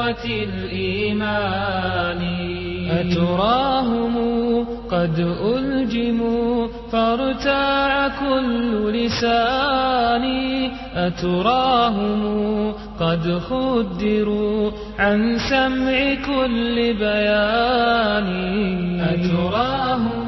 الإيمان أتراهم قد ألجموا فارتاع كل لسان أتراهم قد خدروا عن سمع كل بيان أتراهم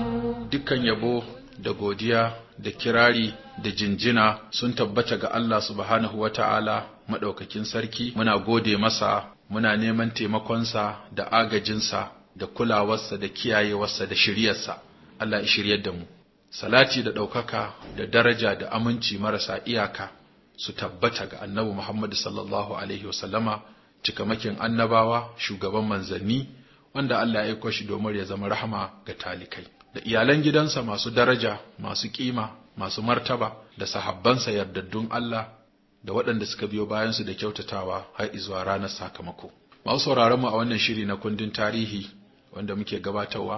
دكا يبو دقوديا دكراري da jinjina sun tabbata ga Allah subhanahu wa ta'ala maɗaukakin sarki muna gode masa muna neman taimakonsa da agajinsa da kulawarsa da kiyayewarsa da shiryarsa Allah ya shiryar da mu salati da ɗaukaka da daraja da aminci marasa iyaka su tabbata ga annabi Muhammad sallallahu alaihi wasallama cikamakin annabawa shugaban manzanni wanda Allah ya aiko shi domin ya zama rahama ga talikai da iyalan gidansa masu daraja masu kima masu martaba da sahabbansa yardaddun Allah da waɗanda suka biyo bayansu da kyautatawa har izuwa ranar sakamako. Masu sauraron mu a wannan shiri na kundin tarihi wanda muke gabatarwa,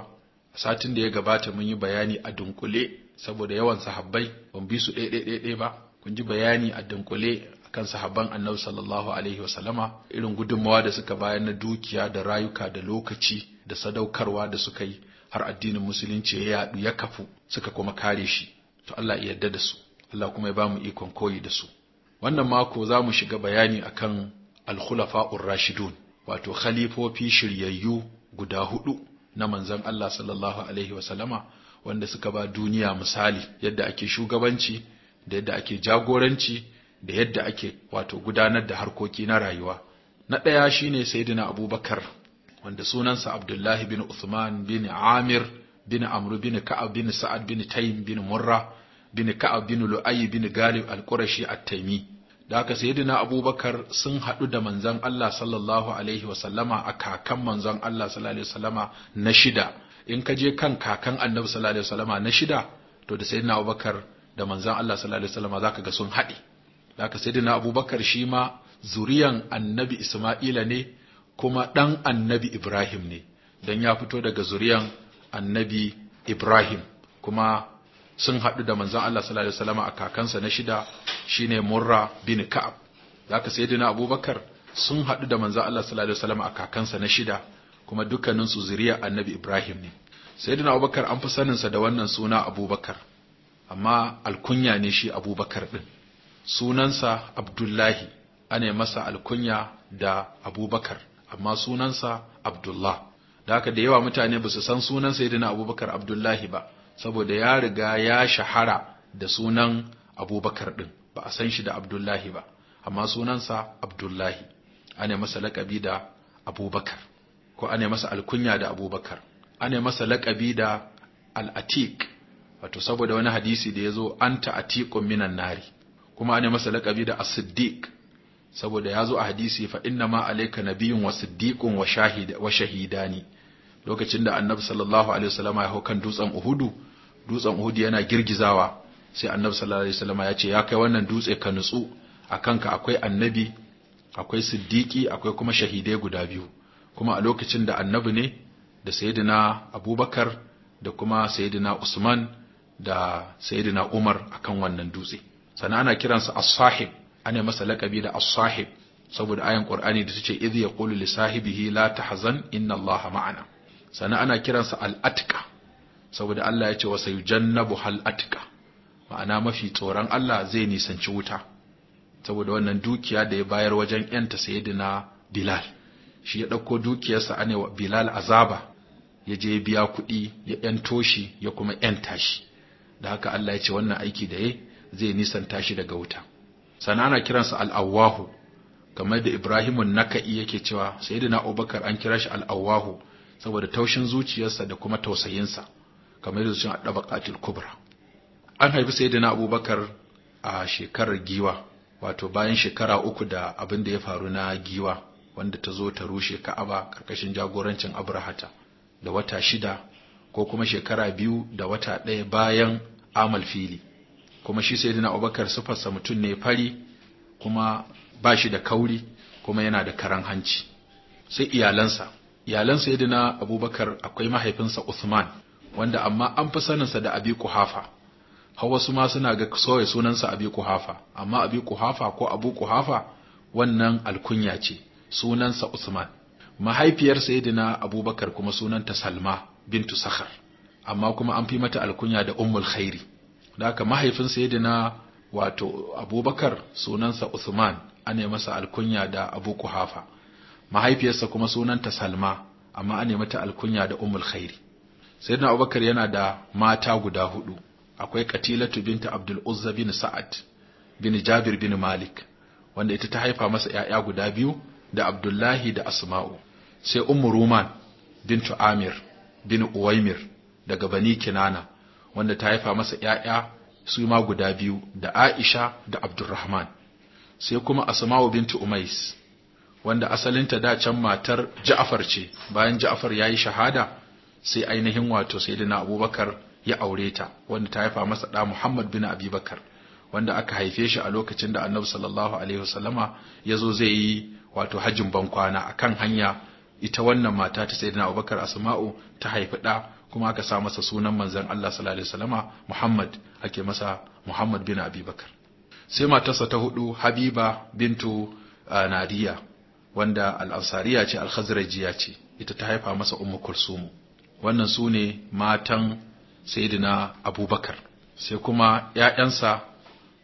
a satin da ya gabata mun yi bayani a dunkule saboda yawan sahabbai ban bi su ɗaya ba, kun ji bayani a dunkule kan sahabban annabi sallallahu alaihi wasallama irin gudunmawa da suka bayar na dukiya da rayuka da lokaci da sadaukarwa da suka yi har addinin musulunci ya yaɗu ya kafu suka kuma kare shi to Allah ya yarda da su Allah kuma ya ba mu ikon koyi da su wannan mako za mu shiga bayani akan al-khulafa'ur rashidun wato khalifofi shiryayyu guda hudu na manzon Allah sallallahu alaihi wasallama wanda suka ba duniya misali yadda ake shugabanci da yadda ake jagoranci da yadda ake wato gudanar da harkoki na rayuwa na ɗaya shine saidina abubakar wanda sunansa abdullahi bin Usman, bin amir bin amru bin ka'ab bin sa'ad bin taym bin murra bin ka'ab bin lu'ay bin galib al-qurashi at-taymi da haka sayyidina abubakar sun haɗu da manzon Allah sallallahu alaihi wasallama a kakan manzon Allah sallallahu alaihi wasallama na shida in ka je kan kakan annabi sallallahu alaihi wasallama na shida to da sayyidina abubakar da manzon Allah sallallahu alaihi wasallama zaka ga sun haɗe da haka sayyidina abubakar shi ma zuriyan annabi isma'ila ne kuma ɗan annabi ibrahim ne don ya fito daga zuriyan annabi ibrahim kuma sun haɗu da manzan Allah sallallahu alaihi a kakansa na shida shine Murra bin Ka'ab Za ka zaka dina Abubakar sun haɗu da manzan Allah sallallahu alaihi a kakansa na shida kuma dukkanin su zuriya Annabi Ibrahim ne dina Abubakar an fi sanin sa da wannan suna Abubakar amma alkunya ne shi Abubakar ɗin sunansa Abdullahi ana masa alkunya da Abubakar amma sunansa Abdullah da haka da yawa mutane ba su san sunan sayyidina Abubakar Abdullahi ba saboda ya riga ya shahara da sunan abubakar ɗin ba a san shi da abdullahi ba amma sunansa abdullahi ana masa laƙabi da abubakar ko ana masa alkunya da abubakar ana masa laƙabi da al'atik wato saboda wani hadisi da ya zo an ta'atikun minan nari kuma ana masa laƙabi da as saboda ya zo a hadisi fa inna ma alayka nabiyyun wa siddiqun wa shahida wa shahidani lokacin da annabi sallallahu alaihi wasallama ya hau kan dutsen uhudu dutsen uhudu yana girgizawa sai annabi sallallahu alaihi wasallama ya ce ya kai wannan dutse ka nutsu a kanka akwai annabi akwai siddiqi akwai kuma shahidai guda biyu kuma a lokacin da annabi ne da sayyidina abubakar da kuma sayyidina usman da sayyidina umar akan wannan dutse sannan ana kiransa as-sahib ana masa laƙabi da as-sahib saboda ayan qur'ani da tace idh yaqulu li sahibihi la tahzan inna allaha ma'ana sannan ana kiransa al'atika saboda Allah ya ce wa jannabu hal'atika ma'ana mafi tsoron Allah zai nisanci wuta saboda wannan dukiya da ya bayar wajen yanta sayyidina Bilal shi ya ɗauko dukiyarsa ane wa Bilal azaba ya je biya kuɗi ya yanto shi ya kuma yanta shi da haka Allah ya ce wannan aiki da ya zai nisanta shi daga wuta sannan ana kiransa al'awahu kamar da Ibrahimun Naka'i yake cewa sayyidina Abubakar an kira shi al'awahu saboda taushin zuciyarsa da kuma tausayinsa kamar yadda suna ɗabaqatul kubra an haifi sayyidina abubakar a shekarar giwa wato bayan shekara uku da abin da ya faru na giwa wanda ta zo ta rushe ka'aba karkashin jagorancin abrahata da wata shida ko kuma shekara biyu da wata ɗaya bayan amal fili kuma shi sayyidina abubakar sufarsa mutum ne fari kuma ba shi da kauri kuma yana da karan hanci sai iyalansa iyalan sayyidina abubakar akwai mahaifinsa Usman, wanda amma an fi saninsa da abi kuhafa har wasu ma suna ga soya sunansa abi kuhafa amma abi kuhafa ko abu kuhafa wannan alkunya ce sunansa Usman. mahaifiyar sayyidina abubakar kuma sunanta salma bintu sakhar amma kuma an fi mata alkunya da ummul khairi da haka mahaifin sayyidina wato abubakar sunansa Usman, ana masa alkunya da abu kuhafa mahaifiyarsa kuma sunanta Salma amma an nemi alkunya da Ummul Khairi Sayyidina Abubakar yana da mata guda hudu akwai Qatilatu binta Abdul Uzza bin Sa'ad bin Jabir bin Malik wanda ita ta haifa masa 'ya'ya guda biyu da Abdullahi da Asma'u sai Ummu Ruman bintu Amir bin Uwaimir daga Bani Kinana wanda ta haifa masa 'ya'ya su ma guda biyu da Aisha da Abdurrahman sai kuma Asma'u bintu Umais wanda asalinta da can matar ja'afar ce bayan ja'afar ya yi shahada sai ainihin wato sayyidina Abubakar ya aure ta wanda ta haifa masa da Muhammad bin Abubakar wanda aka haife shi a lokacin da Annabi sallallahu alaihi wasallama zai yi wato hajjin bankwana akan hanya ita wannan mata ta sayyidina Abubakar Asma'u ta haifi da kuma aka sa masa sunan manzon Allah sallallahu alaihi wasallama Muhammad ake masa Muhammad bin Abubakar sai matarsa ta hudu Habiba bintu ah, Nadiya wanda al'ansariya ce al jiya ce ita ta haifa masa ummu kulsumu wannan su ne matan sayidina abubakar sai kuma ‘ya'yansa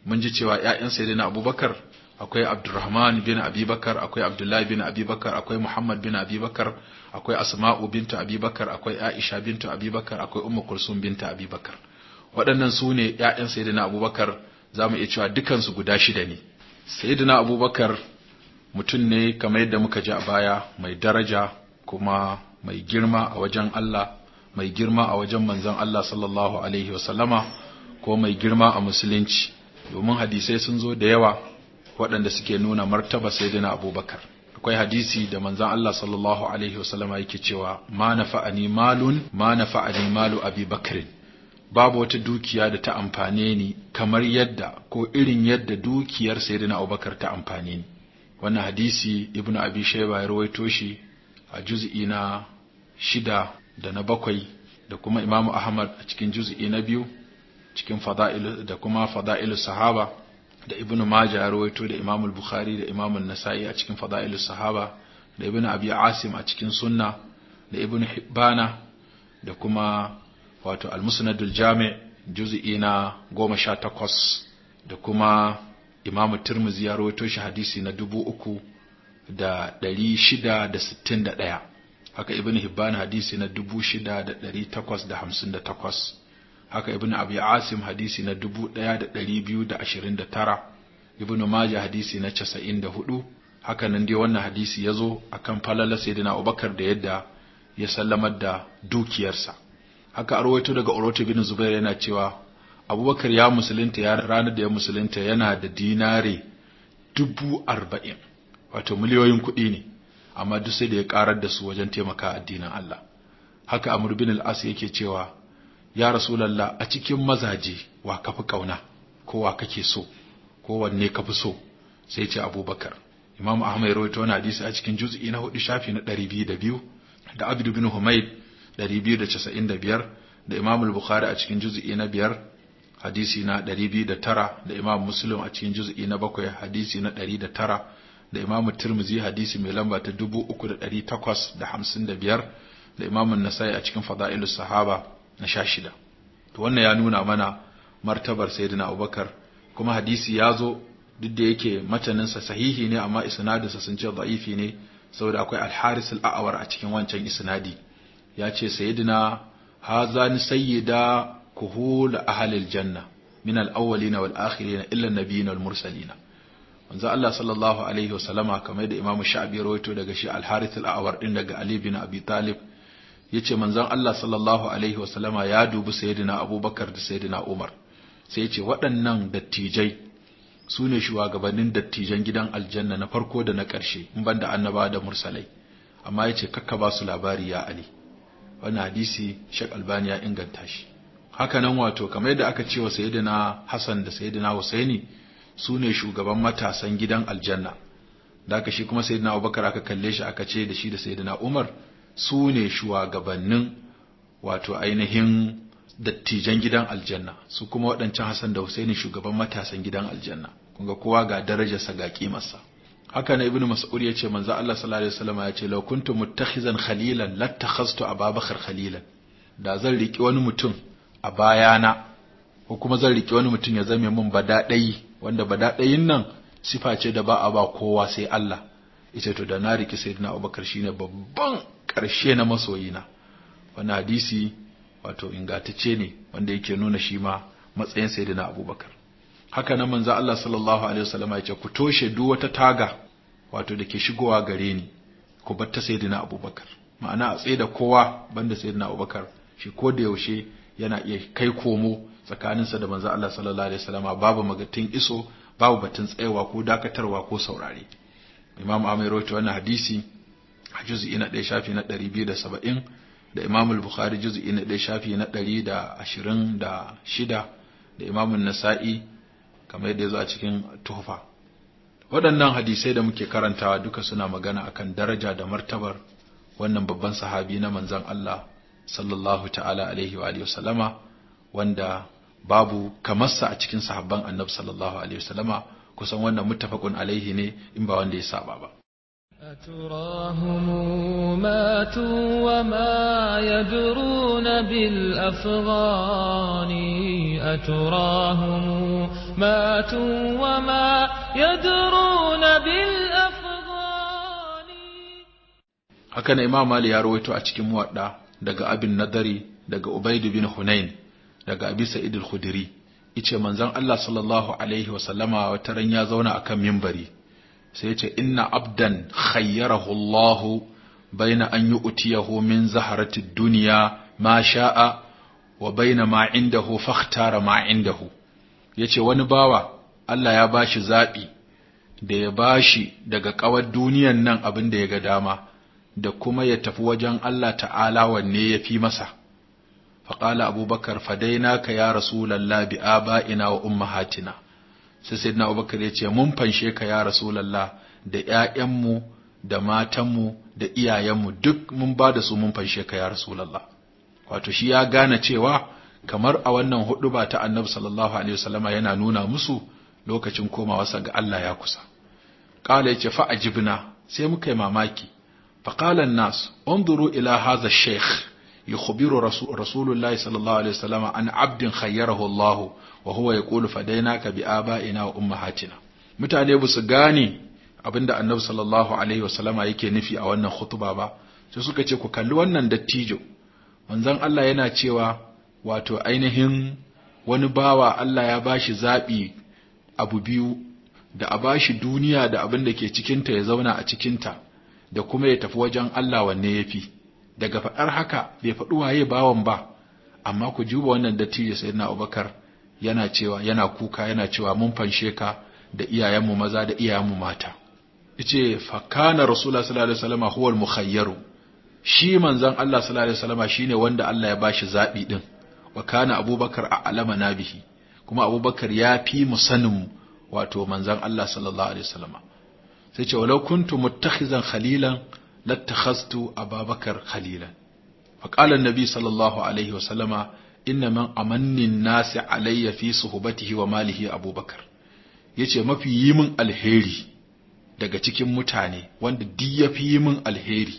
mun ji cewa ‘ya'yan sayyidina abubakar akwai abdurrahman bin abubakar akwai abdullahi bin abubakar akwai muhammad bin abubakar akwai asma'u binta abubakar akwai aisha binta abubakar akwai umar kulsum binta abubakar waɗannan su ne ‘ya'yan saidina abubakar za mu iya cewa dukansu guda shida ne Sayidina abubakar mutum ne kamar yadda muka ji a baya mai daraja kuma mai girma a wajen Allah mai girma a wajen manzon Allah sallallahu alaihi wasallama ko mai girma a musulunci domin hadisai sun zo da yawa waɗanda suke nuna martaba sayyidina abubakar akwai hadisi da manzon Allah sallallahu alaihi wasallama yake cewa ma nafa'ani malun ma nafa'ani malu abi babu wata dukiya da ta amfane ni kamar yadda ko irin yadda dukiyar sayyidina abubakar ta amfane ni wannan hadisi ibn abi shaiba ya rawaito shi a juz'i na shida da na bakwai da kuma Imam' ahmad a cikin juz'i na biyu cikin fada'il da kuma fada'il sahaba da ibn majah ya rawaito da Imam' bukhari da Imam' nasa'i a cikin fada'il sahaba da ibn abi asim a cikin sunna da ibn hibbana da kuma wato al-musnadul jami' juz'i na 18 da kuma imamu turmuzi ya rawaito shi hadisi na dubu uku da ɗari shida da sittin da ɗaya haka ibn hibban hadisi na dubu shida da ɗari takwas da hamsin da takwas haka ibn abi asim hadisi na dubu ɗaya da ɗari biyu da ashirin da tara ibn maja hadisi na casa'in da hudu haka nan dai wannan hadisi ya zo a kan falala sayyidina abubakar da yadda ya sallamar da dukiyarsa haka arwaito daga urwatu bin zubair yana cewa abubakar ya musulunta ya ranar da ya musulunta yana da dinare dubu arba'in wato miliyoyin kuɗi ne amma duk sai da ya karar da su wajen taimaka addinin Allah haka Amr bin al-As yake cewa ya Rasulullah a cikin mazaje wa kafi kauna ko wa kake so ko wanne kafi so sai ce Abubakar Imam Ahmad rawaito wannan hadisi a cikin juz'i na 4 shafi na 202 da Abdu bin Humayd 295 da Imam al-Bukhari a cikin juz'i na 5 hadisi na ɗari biyu da tara, da Imam Muslim a cikin juz'i na bakwai hadisi na ɗari da tara, da Imam Tirmizi hadisi mai lamba ta dubu uku da ɗari da da hamsin biyar, Imam An-Nasa'i a cikin fada'ilu Sahaba na 16 to wannan ya nuna mana martabar Sayyidina Abubakar kuma hadisi ya zo duk da yake mataninsa sahihi ne amma isnadinsa sun ce da'ifi ne saboda akwai alharis al'awar a cikin wancan isnadi ya ce Sayyidina hazani sayyida kuhul ahlil janna min al-awwalin wal akhirin illa an-nabiyyin wal mursalin manzo Allah sallallahu alaihi wasallama kamar da Imam Sha'bi ya rawaito daga shi al-Harith al-Awar daga Ali bin Abi Talib yace manzon Allah sallallahu alaihi wasallama ya dubi sayyidina Abubakar da sayyidina Umar sai yace waɗannan dattijai su ne shugabannin dattijan gidan aljanna na farko da na ƙarshe in banda an annaba da mursalai amma yace kakka ba su labari ya Ali wannan hadisi Sheikh Albani ya inganta shi Haka nan wato kamar yadda aka ce wa sayyidina Hassan da sayyidina Husaini su ne shugaban matasan gidan aljanna da aka shi kuma sayyidina Abubakar aka kalle shi aka ce da shi da sayyidina Umar su ne shugabannin wato ainihin dattijan gidan aljanna su kuma waɗancan Hassan da Husaini shugaban matasan gidan aljanna kun ga kowa ga darajar sa ga kimarsa haka na ibnu mas'ud ya ce manzo Allah sallallahu alaihi wasallam ya ce law kuntu muttakhizan khalilan lattakhaztu ababakar khalilan da zan riki wani mutum a bayana ko kuma zan riƙe wani mutum ya zame min badaɗayi wanda badaɗayin nan sifa ce da ba a ba kowa sai Allah ita to da na riƙe sayyidina Abubakar shine babban ƙarshe na masoyina wannan hadisi wato ingantacce ne wanda yake nuna shi ma matsayin sayyidina Abubakar haka nan manzo Allah sallallahu alaihi wasallam ya ce ku toshe duk wata taga wato da ke shigowa gare ni ku bar ta sayyidina Abubakar ma'ana a tsaye da kowa banda sayyidina Abubakar shi ko da yaushe yana iya kai komo tsakaninsa da manzo Allah sallallahu alaihi wasallama babu magatin iso babu batun tsayawa ko dakatarwa ko saurare Imam Ahmad rawaito wannan hadisi a juz'i na 1 shafi na 270 da Imam al-Bukhari juz'i na 1 shafi na 126 da Imam an-Nasa'i kamar yadda yazo a cikin Tuhfa waɗannan hadisai da muke karantawa duka suna magana akan daraja da martabar wannan babban sahabi na manzon Allah sallallahu ta'ala alaihi wa alihi wasallama wanda babu kamarsa a cikin sahabban annabi sallallahu alaihi wasallama kusan wannan muttafaqun alaihi ne in ba wanda ya saba ba أتراهم ماتوا وما يدرون بالأفغان أتراهم ماتوا وما يدرون بالأفغان هكذا إمام مالي يرويته أتكي موعدا daga abin nadari daga ubaidu bin hunain daga abi sa'id al-khudri yace manzon Allah sallallahu alaihi wa sallama wata ran ya zauna akan minbari sai yace inna abdan khayyarahu Allah baina an yu'tiyahu min zaharati dunya ma sha'a wa baina ma indahu fakhtara ma indahu yace wani bawa Allah ya bashi zabi da ya bashi daga kawar duniyan nan abin da ya ga dama da kuma ya tafi wajen Allah ta'ala wanne ya fi masa faƙala abubakar fadaina ka ya rasulallah bi ina wa ummahatina sai sayyidina abubakar ya ce mun fanshe ka ya rasulallah da 'ya'yanmu da matanmu da iyayenmu duk mun ba da su mun fanshe ka ya rasulallah wato shi ya gane cewa kamar a wannan ba ta annabi sallallahu alaihi wasallama yana nuna musu lokacin komawa ga Allah ya kusa ƙala ya ce fa ajibna sai muka yi mamaki فقال الناس انظروا إلى هذا الشيخ يخبر رسول, رسول الله صلى الله عليه وسلم عن عبد خيره الله وهو يقول فديناك بآبائنا وأمهاتنا mutane ba su gane abinda annabi sallallahu alaihi wasallama yake nufi a wannan khutba ba sai suka ce ku kalli wannan dattijo manzon Allah yana cewa wato ainihin wani bawa Allah ya bashi zabi abu biyu da a bashi duniya da abin da ke cikinta ya zauna a cikinta da kuma ya tafi wajen Allah wanne ya fi daga faɗar haka bai faɗi waye bawan ba amma ku juba wannan dattijo na Abubakar yana cewa yana kuka yana cewa mun fanshe ka da iyayenmu maza da iyayenmu mata Ice fa kana rasulullah sallallahu alaihi huwal mukhayyaru shi manzon Allah sallallahu alaihi shine wanda Allah ya bashi zabi din wa kana abubakar a alama na kuma abubakar ya fi mu sanin wato manzon Allah sallallahu alaihi sai ce walau kuntu muttakhizan khalilan lattakhastu ababakar khalilan fa qala an-nabi sallallahu alaihi wa sallama inna man amanni nasi alayya fi suhbatihi wa malihi abubakar yace mafi yi min alheri daga cikin mutane wanda duk ya fi yi min alheri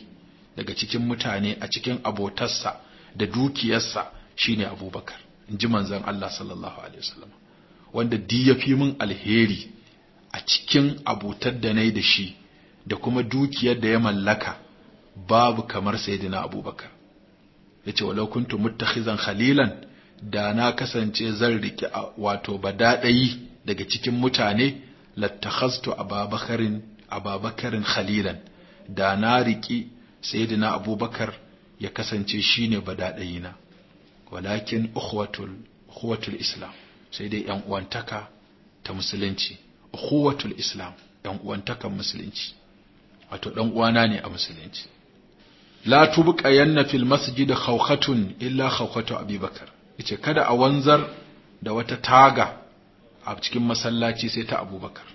daga cikin mutane a cikin abotarsa da dukiyarsa shine abubakar in ji manzon Allah sallallahu alaihi wasallam wanda duk ya fi min alheri cikin abutar da na yi da shi da kuma dukiyar da ya mallaka babu kamar sayyidina abubakar ya ce walau kuntu muttakhizan khalilan da na kasance zan riki wato badadayi daga cikin mutane lattakhaztu ababakarin ababakarin khalilan da na riki sayyidina abubakar ya kasance shine na. walakin ukhwatul ukhwatul islam sai dai yan uwantaka ta musulunci ukhuwatul islam ɗan uwantakan musulunci wato ɗan uwana ne a musulunci la tubqa yanna fil masjid khawkhatun illa khawkhatu abubakar yace kada a wanzar da wata taga a cikin masallaci sai ta abubakar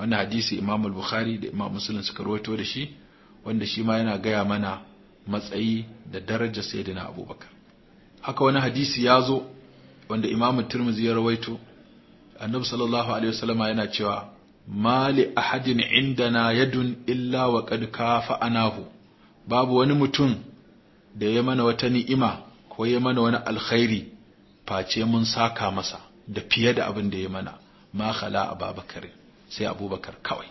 wannan hadisi imam al-bukhari da imam muslim suka rawaito da shi wanda shi ma yana gaya mana matsayi da daraja sayyidina abubakar haka wani hadisi ya zo wanda imam tirmidhi ya rawaito annabi sallallahu alaihi wasallam yana cewa mali ahadin indana yadun illa wa qad anahu babu wani mutum da ya mana wata ni'ima ko ya mana wani alkhairi face mun saka masa da fiye da abin da ya mana ma khala abubakar sai abubakar kawai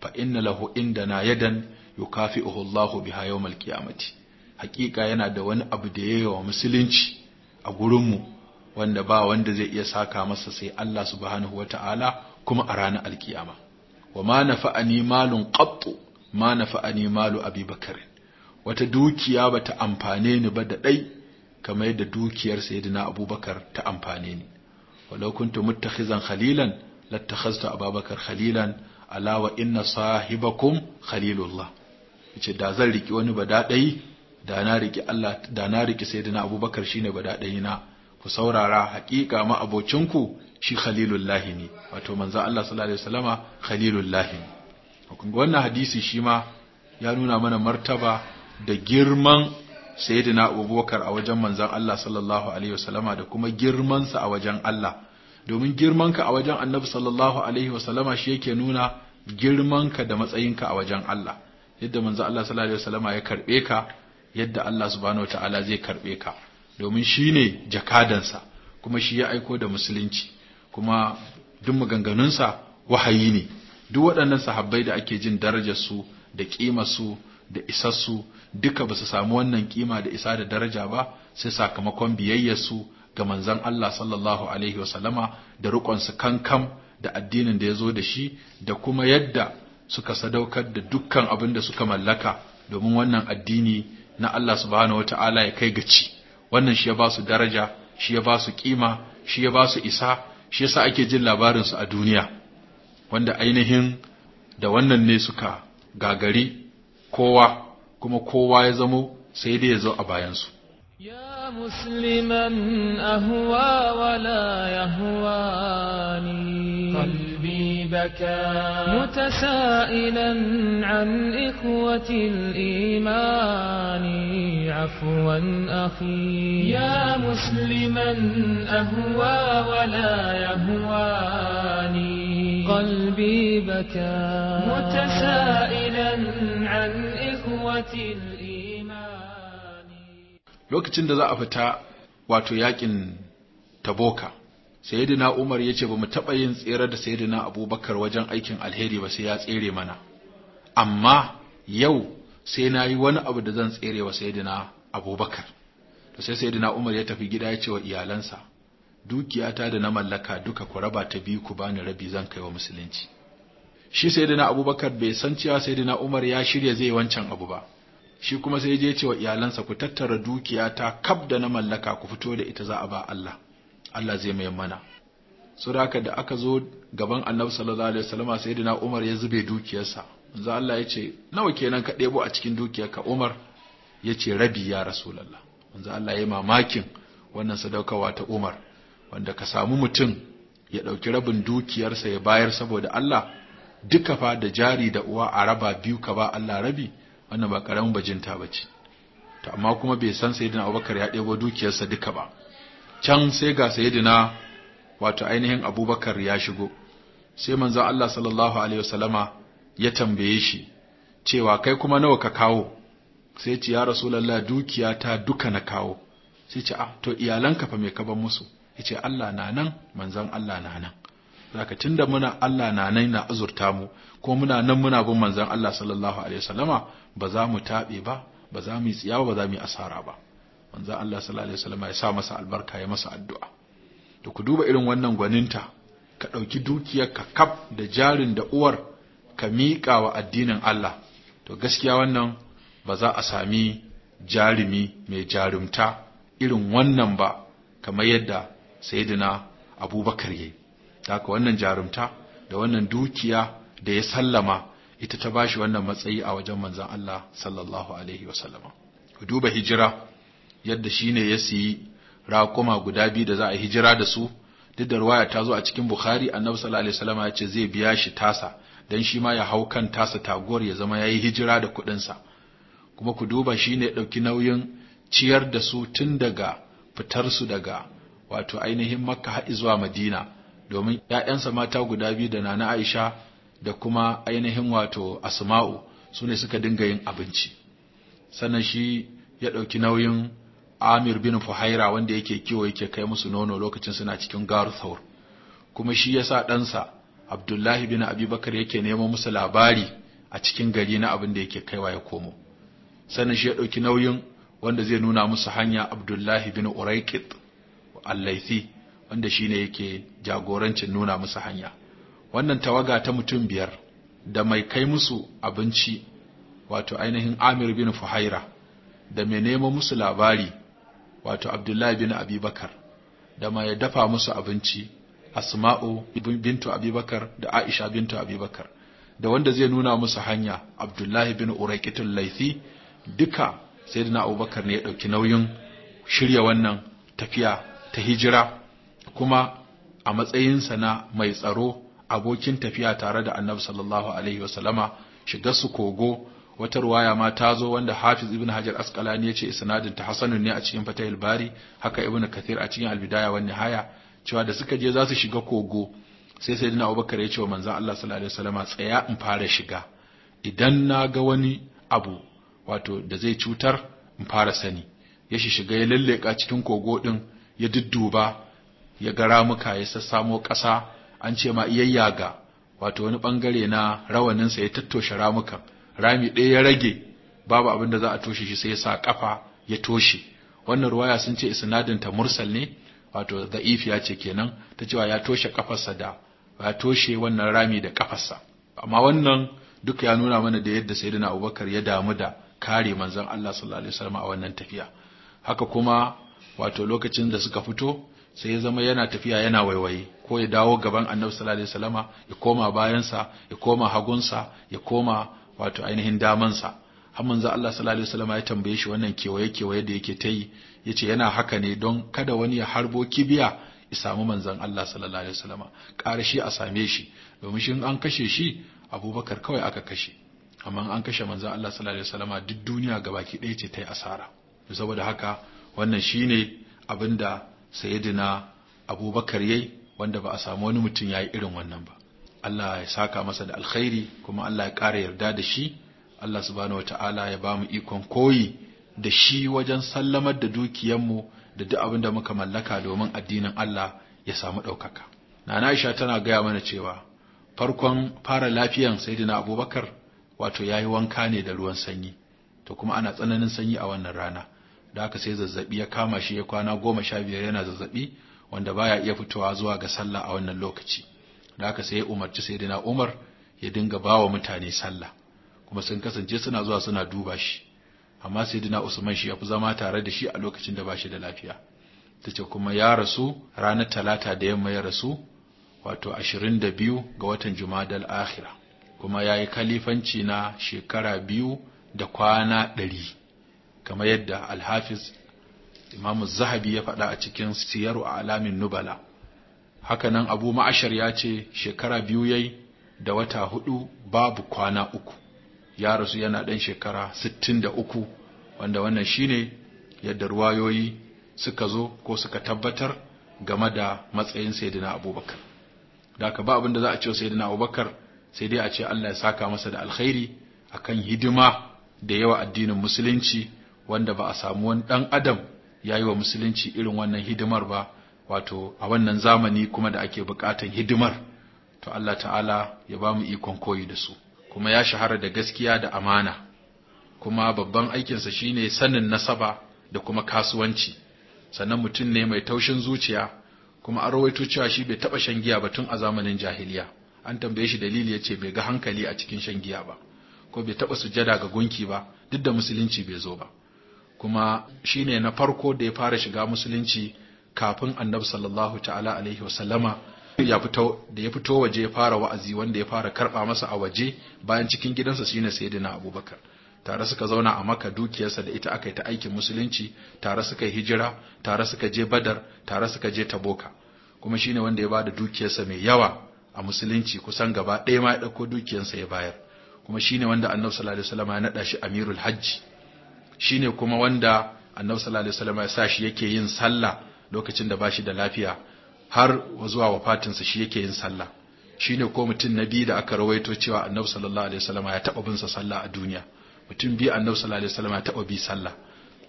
fa inna lahu indana yadan yukafi'uhu Allahu biha yawmal qiyamati hakika yana da wani abu da yayi wa musulunci a gurinmu wanda ba wanda zai iya saka masa sai Allah subhanahu Ta'ala kuma a ranar alkiyama wa ma nafa'ani malun qattu ma nafa'ani malu abi wata dukiya bata amfane ni ba da ɗai, kamar yadda dukiyar saidina abubakar ta amfane ni walau kuntu muttakhizan khalilan lattakhaztu abubakar khalilan alawa wa inna sahibakum khalilullah yace da zan riki wani ba da da na riƙe Allah da na riki sayyidina abubakar shine ba da na ku saurara haƙiƙa ma abocinku shi khalilullahi ne wato manzo Allah sallallahu alaihi wasallama khalilullahi kun wannan hadisi shi ma ya nuna mana martaba da girman sayyidina Abubakar a wajen manzon Allah sallallahu alaihi wasallama da kuma girman sa a wajen Allah domin girman ka a wajen Annabi sallallahu alaihi wasallama shi yake nuna girman ka da matsayin ka a wajen Allah yadda manzo Allah sallallahu alaihi wasallama ya karbe ka yadda Allah subhanahu wataala zai karbe ka domin shi ne jakadansa kuma shi ya aiko da musulunci kuma duk maganganunsa wahayi ne duk waɗannan sahabbai da ake jin darajarsu da ƙimarsu da isassu duka ba su samu wannan ƙima da isa da daraja ba sai sakamakon biyayyarsu ga manzon Allah sallallahu alaihi wasallama da riƙonsu kankam da addinin da ya zo da shi da kuma yadda suka sadaukar da dukkan abin da suka mallaka domin wannan addini na Allah subhanahu wata'ala ya kai ga ci wannan shi ya ba su daraja shi ya ba su kima shi ya ba su isa shi yasa ake jin labarin su a duniya wanda ainihin da wannan ne suka gagari kowa kuma kowa ya zamo sai dai ya zo a bayansu ya musliman ahwa ولا يهواني قلبي بكى متسائلا عن إخوة imani. عفوا أخي يا مسلما أهوى ولا يهواني قلبي بكى متسائلا عن إخوة الإيمان لوكتين دا أفتا واتو ياكن تبوكا sayyidina Umar yace bamu taba yin tsere da sayyidina Abubakar wajen aikin alheri ba sai ya tsere mana amma yau sai na yi wani abu da zan tsere wa Sayyidina abubakar to sai sayyidina umar ya tafi gida ya ce wa iyalansa dukiyata da na mallaka duka ku raba ta biyu ku bani rabi zan kai wa musulunci shi sayyidina abubakar bai san cewa sayyidina umar ya shirya zai wancan abu ba shi kuma sai je ce wa iyalansa ku tattara dukiyata kab da na mallaka ku fito da ita za a ba Allah Allah zai mai mana saboda da aka zo gaban Annabi sallallahu alaihi wasallam sayyidina Umar ya zube dukiyarsa manzo Allah ya ce nawa kenan ka ɗebo a cikin dukiyarka Umar ya ce rabi ya rasulallah Wanzu Allah ya yi mamakin wannan sadaukawa ta Umar wanda ka samu mutum ya ɗauki rabin dukiyarsa ya bayar saboda Allah duka fa da jari da uwa a raba biyu ka ba Allah rabi wannan ba ƙaramin bajinta ba ce to amma kuma bai san sayyidina Abubakar ya ɗebo dukiyarsa duka ba can sai ga sayyidina wato ainihin Abubakar ya shigo sai manzon Allah sallallahu alaihi wasallama ya tambaye shi cewa kai kuma nawa ka kawo sai ce ya rasu rasulallah dukiya ta duka na kawo sai ce ah to iyalanka fa me ka ban musu ya ce Allah na nan manzan Allah na nan zaka tunda muna Allah na nan na azurta mu ko muna nan muna bin manzon Allah sallallahu alaihi wasallama ba za mu taɓe ba ba za mu yi tsiyawa ba za mu yi asara ba manzan Allah sallallahu alaihi wasallama ya sa masa albarka ya masa addu'a to ku duba irin wannan gwaninta ka ɗauki dukiyar ka kaf da jarin da uwar ka miƙa wa addinin Allah to gaskiya wannan ba za a sami jarumi mai jarumta irin wannan ba kamar yadda sayidina abubakar yayi haka wannan jarumta da wannan dukiya da ya sallama ita ta bashi wannan matsayi a wajen manzan Allah sallallahu alaihi wasallama duba hijira yadda shine ya siyi raƙuma guda biyu da za a hijira da su duk da ruwaya ta zo a cikin Bukhari annabi sallallahu alaihi wasallama ya ce zai biya shi tasa dan shi ma ya hau kan tasa taguwar ya zama ya yi hijira da kuɗinsa. kuma ku duba shi ne ɗauki nauyin ciyar da su tun daga fitarsu daga wato ainihin makka har zuwa madina domin ‘ya'yansa mata guda biyu da nana aisha da kuma ainihin wato asma'u su ne suka dinga yin abinci sannan shi ya ɗauki nauyin amir bin fuhaira wanda yake kiwo yake kai musu nono lokacin suna cikin garthor kuma shi ya sa ɗansa abdullahi bin abubakar yake nemo musu labari a cikin gari na abin da yake kaiwa ya komo sannan shi ya ɗauki nauyin wanda zai nuna musu hanya abdullahi bin uraikit allaifi wanda shi ne yake jagorancin nuna musu hanya wannan tawaga ta mutum biyar da mai kai musu abinci wato ainihin amir bin fuhaira da mai nemo musu labari wato abdullahi bin abubakar da mai dafa musu abinci asma'u bintu abubakar da aisha bintu abubakar da wanda zai nuna musu hanya abdullahi bin uraikitul laifi duka saidina abubakar ne ya ɗauki nauyin shirya wannan tafiya ta hijira kuma a matsayinsa na mai tsaro abokin tafiya tare da annabi sallallahu alaihi wasallama shiga su kogo wata ruwaya ma ta zo wanda Hafiz ibn Hajar Asqalani ya ce isnadin ta hasanun ne a cikin Fatahil Bari haka Ibn Kathir a cikin Al-Bidaya wan Nihaya cewa da suka je za su shiga kogo sai sayyidina Abubakar ya ce wa manzon Allah sallallahu alaihi wasallama tsaya in fara shiga idan na ga wani abu wato da zai cutar in fara sani ya shiga ya lalleka cikin kogo din ya dudduba ya ga ramuka ya sassamo ƙasa an ce ma iyayyaga wato wani bangare na rawaninsa ya tattoshe ramukan rami ɗaya ya rage babu abin da za a toshe shi sai ya sa kafa ya toshe wannan ruwaya sun ce isnadin ta mursal ne wato za'ifiya ya ce kenan ta cewa ya toshe kafarsa da ya toshe wannan rami da kafarsa amma wannan duk ya nuna mana da yadda sayyidina Abubakar ya damu da kare manzan Allah sallallahu alaihi wasallam a wannan tafiya haka kuma wato lokacin da suka fito sai ya zama yana tafiya yana waiwaye ko ya dawo gaban annabi sallallahu alaihi wasallama ya koma bayansa ya koma hagunsa ya koma wato ainihin damansa har manzo Allah sallallahu alaihi wasallama ya tambaye shi wannan kewaye kewaye da yake ta yi Ya ce yana haka ne don kada wani ya harbo kibiya ya samu manzan Allah sallallahu alaihi wasallama ƙara shi a same shi domin shi an kashe shi Abubakar kawai aka kashe amma an kashe manzon Allah sallallahu alaihi wasallama duk duniya gabaki ɗaya ce ta yi asara saboda haka wannan shine abinda sayyidina abubakar yayi wanda ba a samu wani mutum yayi irin wannan ba Allah ya saka masa da alkhairi kuma Allah ya ƙara yarda da shi Allah subhanahu wataala ya ba mu ikon koyi da shi wajen sallamar da mu da duk abin da muka mallaka domin addinin Allah ya samu ɗaukaka. Nana Aisha tana gaya mana cewa farkon fara lafiyan Sayyidina Abubakar wato yayi wanka ne da ruwan sanyi to kuma ana tsananin sanyi a wannan rana da aka sai zazzabi ya kama shi ya kwana goma sha biyar yana zazzabi wanda baya iya fitowa zuwa ga sallah a wannan lokaci da aka sai ya umarci dina Umar ya dinga bawa mutane sallah kuma sun kasance suna zuwa suna duba shi amma sai dina Usman shi ya fi zama tare da shi a lokacin da ba shi da lafiya Ta ce kuma ya rasu ranar talata da yamma ya rasu wato ashirin da biyu, ga watan juma'a akhira kuma ya yi kalifanci na shekara biyu da kwana ɗari kamar yadda alhafiz imamu zahabi ya faɗa a cikin siyaru a alamin nubala hakanan abu ma'ashar ya ce shekara biyu yai da wata hudu babu kwana uku ya rasu yana ɗan shekara sittin da uku wanda wannan shine yadda ruwayoyi suka zo ko suka tabbatar game da matsayin sayyidina abubakar da ka ba abin da za a ce sayyidina abubakar sai dai a ce Allah ya saka masa da alkhairi kan hidima da yawa addinin musulunci wanda ba a samu wani dan adam ya yi wa musulunci irin wannan hidimar ba wato a wannan zamani kuma da ake bukatan hidimar to Allah ta'ala ya ba mu ikon koyi da su kuma ya shahara da gaskiya da amana kuma babban aikinsa shine sanin nasaba da kuma kasuwanci sannan mutum ne mai taushin zuciya kuma an rawaito cewa shi bai taɓa shan giya ba tun a zamanin jahiliya an tambaye shi dalili ya ce bai ga hankali a cikin shan giya ba ko bai taɓa sujada ga gunki ba duk da musulunci bai zo ba kuma shine na farko da ya fara shiga musulunci kafin annabi sallallahu ta'ala alaihi wasallama ya fito da ya fito waje ya fara wa'azi wanda ya fara karɓa masa a waje bayan cikin gidansa shine sayyidina abubakar tare suka zauna a maka dukiyarsa da ita aka yi ta aikin musulunci tare suka yi hijira tare suka je badar tare suka je taboka kuma shine wanda ya bada dukiyarsa mai yawa a musulunci kusan gaba ɗaya ma ya ɗauko dukiyansa ya bayar kuma shine wanda annabi sallallahu alaihi wasallam ya nada shi amirul hajji shine kuma wanda annabi sallallahu alaihi wasallam ya sa shi yake yin sallah lokacin da bashi da lafiya har zuwa wafatinsa shi yake yin sallah shine ko mutum na biyu da aka rawaito cewa annabi sallallahu alaihi wasallam ya taba bin sa sallah a duniya mutum biyu annabi sallallahu alaihi wasallam ya taba bi sallah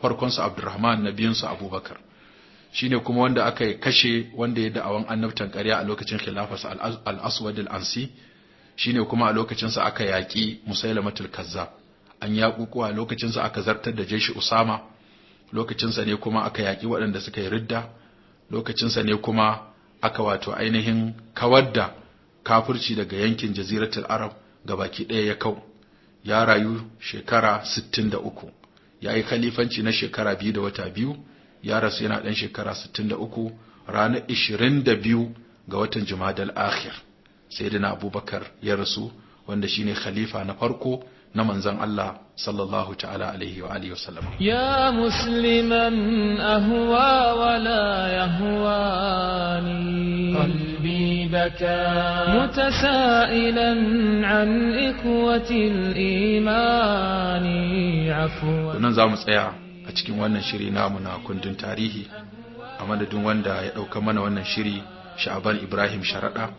farkon su abdurrahman nabiyin su abubakar shine kuma wanda aka kashe wanda ya da'awan annabtan ƙarya a lokacin khilafas al-aswad al-ansi shine kuma a lokacin sa aka yaki musailamatul kazzab an yaƙuƙuwa a lokacin sa aka zartar da jeshi usama lokacin sa ne kuma aka yaki waɗanda suka yi ridda lokacin sa ne kuma aka wato ainihin kawar da kafirci daga yankin jaziratul arab gabaki ɗaya ya kau ya rayu shekara 63 ya yi khalifanci na shekara biyu da wata biyu ya rasu yana ɗan shekara 63 ranar 22 ga watan Jumadal Akhir Sayyidina Abubakar ya rasu wanda shine khalifa na farko na manzon Allah sallallahu ta'ala alaihi wa alihi wasallam ya musliman ahwa wa la yahwani qalbi baka mutasailan an ikwati al-imani afwan nan tsaya a cikin wannan shiri namu na kundin tarihi a madadin wanda ya ɗauka mana wannan shiri sha'aban ibrahim sharaɗa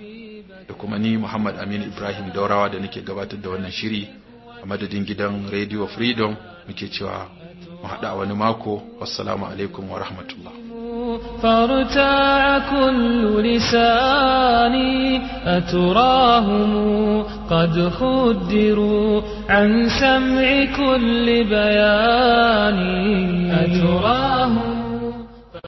da kuma ni muhammad aminu ibrahim daurawa da nake gabatar da wannan shiri a madadin gidan radio freedom muke cewa mu haɗa wani mako wassalamu alaikum wa rahmatullah فارتاع كل لساني أتراهم قد خدروا عن سمع كل بياني أتراهم